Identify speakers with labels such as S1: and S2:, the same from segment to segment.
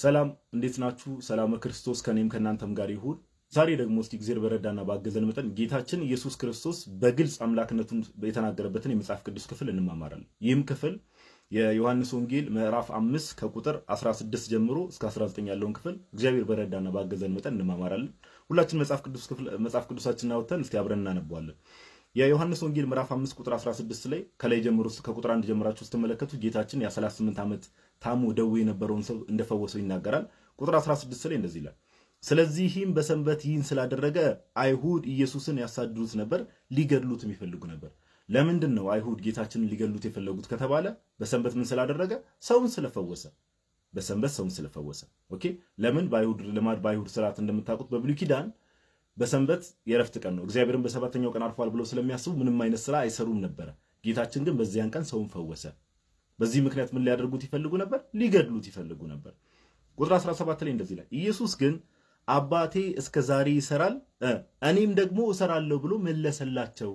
S1: ሰላም እንዴት ናችሁ? ሰላም ክርስቶስ ከኔም ከእናንተም ጋር ይሁን። ዛሬ ደግሞ እስቲ እግዚአብሔር በረዳና ባገዘን መጠን ጌታችን ኢየሱስ ክርስቶስ በግልጽ አምላክነቱን የተናገረበትን የመጽሐፍ ቅዱስ ክፍል እንማማራለን። ይህም ክፍል የዮሐንስ ወንጌል ምዕራፍ አምስት ከቁጥር 16 ጀምሮ እስከ 19 ያለውን ክፍል እግዚአብሔር በረዳና ባገዘን መጠን እንማማራለን። ሁላችን መጽሐፍ ቅዱስ ክፍል መጽሐፍ ቅዱሳችንን አውጥተን እስቲ አብረን እናነበዋለን። የዮሐንስ ወንጌል ምዕራፍ 5 ቁጥር 16 ላይ ከላይ ጀምሮ ቁጥር 1 ጀምራችሁ ስትመለከቱ ጌታችን የ38 ዓመት ታሞ ደዌ የነበረውን ሰው እንደፈወሰው ይናገራል። ቁጥር 16 ላይ እንደዚህ ይላል፣ ስለዚህም በሰንበት ይህን ስላደረገ አይሁድ ኢየሱስን ያሳድዱት ነበር፣ ሊገድሉት የሚፈልጉ ነበር። ለምንድን ነው አይሁድ ጌታችንን ሊገድሉት የፈለጉት ከተባለ በሰንበት ምን ስላደረገ? ሰውን ስለፈወሰ። በሰንበት ሰውን ስለፈወሰ። ኦኬ። ለምን? በአይሁድ ልማድ በአይሁድ ስርዓት እንደምታውቁት በብሉይ ኪዳን በሰንበት የረፍት ቀን ነው። እግዚአብሔርን በሰባተኛው ቀን አርፏል ብለው ስለሚያስቡ ምንም አይነት ስራ አይሰሩም ነበረ። ጌታችን ግን በዚያን ቀን ሰውን ፈወሰ። በዚህ ምክንያት ምን ሊያደርጉት ይፈልጉ ነበር? ሊገድሉት ይፈልጉ ነበር። ቁጥር 17 ላይ እንደዚህ ላይ ኢየሱስ ግን አባቴ እስከ ዛሬ ይሰራል እኔም ደግሞ እሰራለሁ ብሎ መለሰላቸው።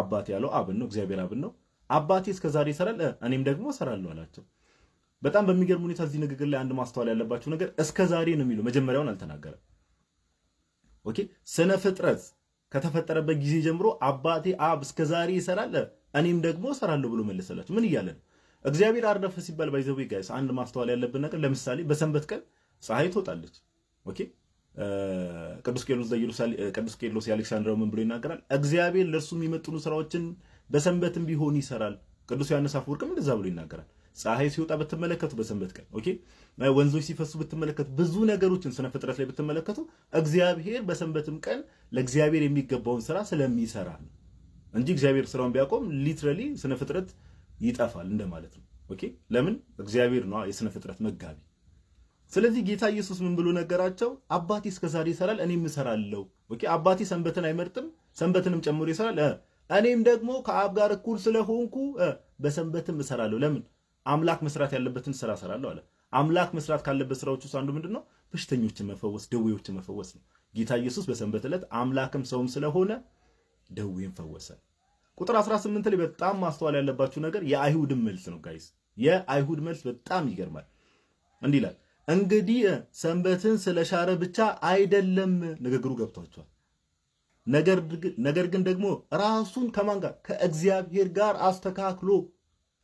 S1: አባቴ ያለው አብን ነው፣ እግዚአብሔር አብን ነው። አባቴ እስከ ዛሬ ይሰራል እኔም ደግሞ እሰራለሁ አላቸው። በጣም በሚገርም ሁኔታ እዚህ ንግግር ላይ አንድ ማስተዋል ያለባቸው ነገር እስከ ዛሬ ነው የሚለው መጀመሪያውን አልተናገረም። ኦኬ ስነ ፍጥረት ከተፈጠረበት ጊዜ ጀምሮ አባቴ አብ እስከ ዛሬ ይሰራል እኔም ደግሞ እሰራለሁ ብሎ መለሰላችሁ። ምን እያለ ነው? እግዚአብሔር አረፈ ሲባል ባይዘው ጋይስ አንድ ማስተዋል ያለብን ነገር ለምሳሌ በሰንበት ቀን ፀሐይ ትወጣለች። ኦኬ ቅዱስ ቄርሎስ ዘኢየሩሳሌም ቅዱስ ቄርሎስ የአሌክሳንድሪያው ምን ብሎ ይናገራል? እግዚአብሔር ለእርሱ የሚመጥኑ ስራዎችን በሰንበትም ቢሆን ይሰራል። ቅዱስ ዮሐንስ አፈወርቅም እንደዛ ብሎ ይናገራል። ፀሐይ ሲወጣ ብትመለከቱ በሰንበት ቀን ኦኬ፣ ወንዞች ሲፈሱ ብትመለከቱ፣ ብዙ ነገሮችን ስነ ፍጥረት ላይ ብትመለከቱ እግዚአብሔር በሰንበትም ቀን ለእግዚአብሔር የሚገባውን ስራ ስለሚሰራ ነው እንጂ እግዚአብሔር ስራውን ቢያቆም ሊትራሊ ስነ ፍጥረት ይጠፋል እንደማለት ነው። ኦኬ፣ ለምን እግዚአብሔር ነው የስነ ፍጥረት መጋቢ። ስለዚህ ጌታ ኢየሱስ ምን ብሎ ነገራቸው? አባቴ እስከዛሬ ይሰራል፣ እኔም እሰራለሁ። ኦኬ፣ አባቴ ሰንበትን አይመርጥም፣ ሰንበትንም ጨምሮ ይሰራል። እኔም ደግሞ ከአብ ጋር እኩል ስለሆንኩ በሰንበትም እሰራለሁ። ለምን አምላክ መስራት ያለበትን ስራ እሰራለሁ አለ። አምላክ መስራት ካለበት ስራዎች ውስጥ አንዱ ምንድን ነው? በሽተኞችን መፈወስ፣ ደዌዎችን መፈወስ ነው። ጌታ ኢየሱስ በሰንበት ዕለት አምላክም ሰውም ስለሆነ ደዌን ፈወሰ። ቁጥር 18 ላይ በጣም ማስተዋል ያለባችሁ ነገር የአይሁድን መልስ ነው ጋይስ። የአይሁድ መልስ በጣም ይገርማል። እንዲህ ይላል እንግዲህ ሰንበትን ስለሻረ ብቻ አይደለም ንግግሩ ገብቷቸዋል። ነገር ግን ደግሞ ራሱን ከማን ጋር ከእግዚአብሔር ጋር አስተካክሎ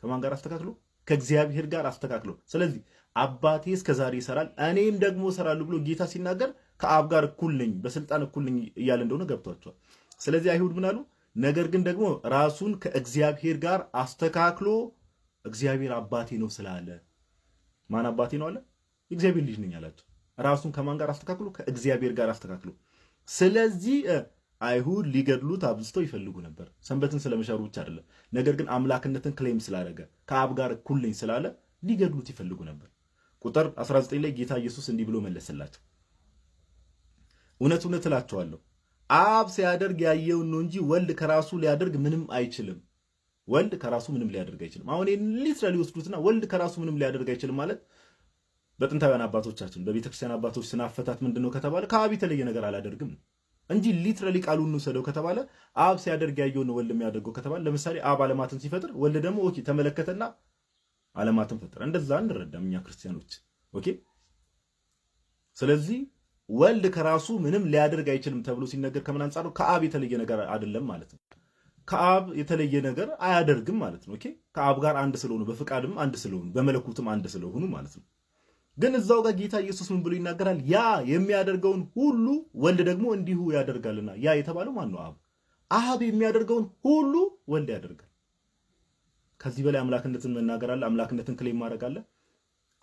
S1: ከማን ጋር አስተካክሎ ከእግዚአብሔር ጋር አስተካክሎ ስለዚህ አባቴ እስከዛሬ ይሰራል እኔም ደግሞ እሰራለሁ ብሎ ጌታ ሲናገር ከአብ ጋር እኩል ነኝ፣ በስልጣን እኩል ነኝ እያለ እንደሆነ ገብቷቸዋል። ስለዚህ አይሁድ ምን አሉ? ነገር ግን ደግሞ ራሱን ከእግዚአብሔር ጋር አስተካክሎ እግዚአብሔር አባቴ ነው ስላለ ማን አባቴ ነው አለ? እግዚአብሔር ልጅ ነኝ አላቸው። ራሱን ከማን ጋር አስተካክሎ? ከእግዚአብሔር ጋር አስተካክሎ ስለዚህ አይሁድ ሊገድሉት አብዝተው ይፈልጉ ነበር። ሰንበትን ስለመሻሩ ብቻ አይደለም። ነገር ግን አምላክነትን ክሌም ስላደረገ ከአብ ጋር እኩልኝ ስላለ ሊገድሉት ይፈልጉ ነበር። ቁጥር 19 ላይ ጌታ ኢየሱስ እንዲህ ብሎ መለሰላቸው፣ እውነት እውነት እላችኋለሁ አብ ሲያደርግ ያየውን ነው እንጂ ወልድ ከራሱ ሊያደርግ ምንም አይችልም። ወልድ ከራሱ ምንም ሊያደርግ አይችልም። አሁን ይህን ሊትራሊ ይወስዱትና ወልድ ከራሱ ምንም ሊያደርግ አይችልም ማለት በጥንታውያን አባቶቻችን በቤተክርስቲያን አባቶች ስናፈታት ምንድን ነው ከተባለ ከአብ የተለየ ነገር አላደርግም ነው እንጂ ሊትራሊ ቃሉ እንውሰደው ከተባለ አብ ሲያደርግ ያየውን ወልድ የሚያደርገው ከተባለ ለምሳሌ አብ አለማትን ሲፈጥር ወልድ ደግሞ ኦኬ ተመለከተና አለማትን ፈጥረ። እንደዛ እንረዳም እኛ ክርስቲያኖች። ኦኬ ስለዚህ ወልድ ከራሱ ምንም ሊያደርግ አይችልም ተብሎ ሲነገር ከምን አንጻር ነው? ከአብ የተለየ ነገር አይደለም ማለት ነው። ከአብ የተለየ ነገር አያደርግም ማለት ነው። ኦኬ ከአብ ጋር አንድ ስለሆኑ በፍቃድም አንድ ስለሆኑ በመለኮትም አንድ ስለሆኑ ማለት ነው። ግን እዛው ጋር ጌታ ኢየሱስ ምን ብሎ ይናገራል? ያ የሚያደርገውን ሁሉ ወልድ ደግሞ እንዲሁ ያደርጋልና። ያ የተባለው ማን ነው? አብ። አብ የሚያደርገውን ሁሉ ወልድ ያደርጋል። ከዚህ በላይ አምላክነትን መናገር አምላክነትን ክሌም ማድረግ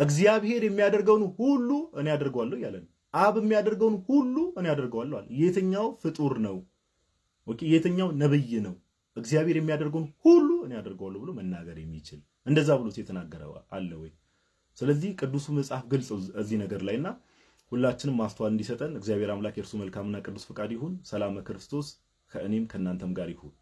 S1: እግዚአብሔር የሚያደርገውን ሁሉ እኔ ያደርገዋለሁ እያለ ነው። አብ የሚያደርገውን ሁሉ እኔ ያደርገዋለሁ አለ። የትኛው ፍጡር ነው? ኦኬ፣ የትኛው ነብይ ነው? እግዚአብሔር የሚያደርገውን ሁሉ እኔ ያደርገዋለሁ ብሎ መናገር የሚችል እንደዛ ብሎት የተናገረ አለ ወይ? ስለዚህ ቅዱሱ መጽሐፍ ግልጽ እዚህ ነገር ላይና ሁላችንም ማስተዋል እንዲሰጠን እግዚአብሔር አምላክ የእርሱ መልካምና ቅዱስ ፈቃድ ይሁን። ሰላም ክርስቶስ ከእኔም ከእናንተም ጋር ይሁን።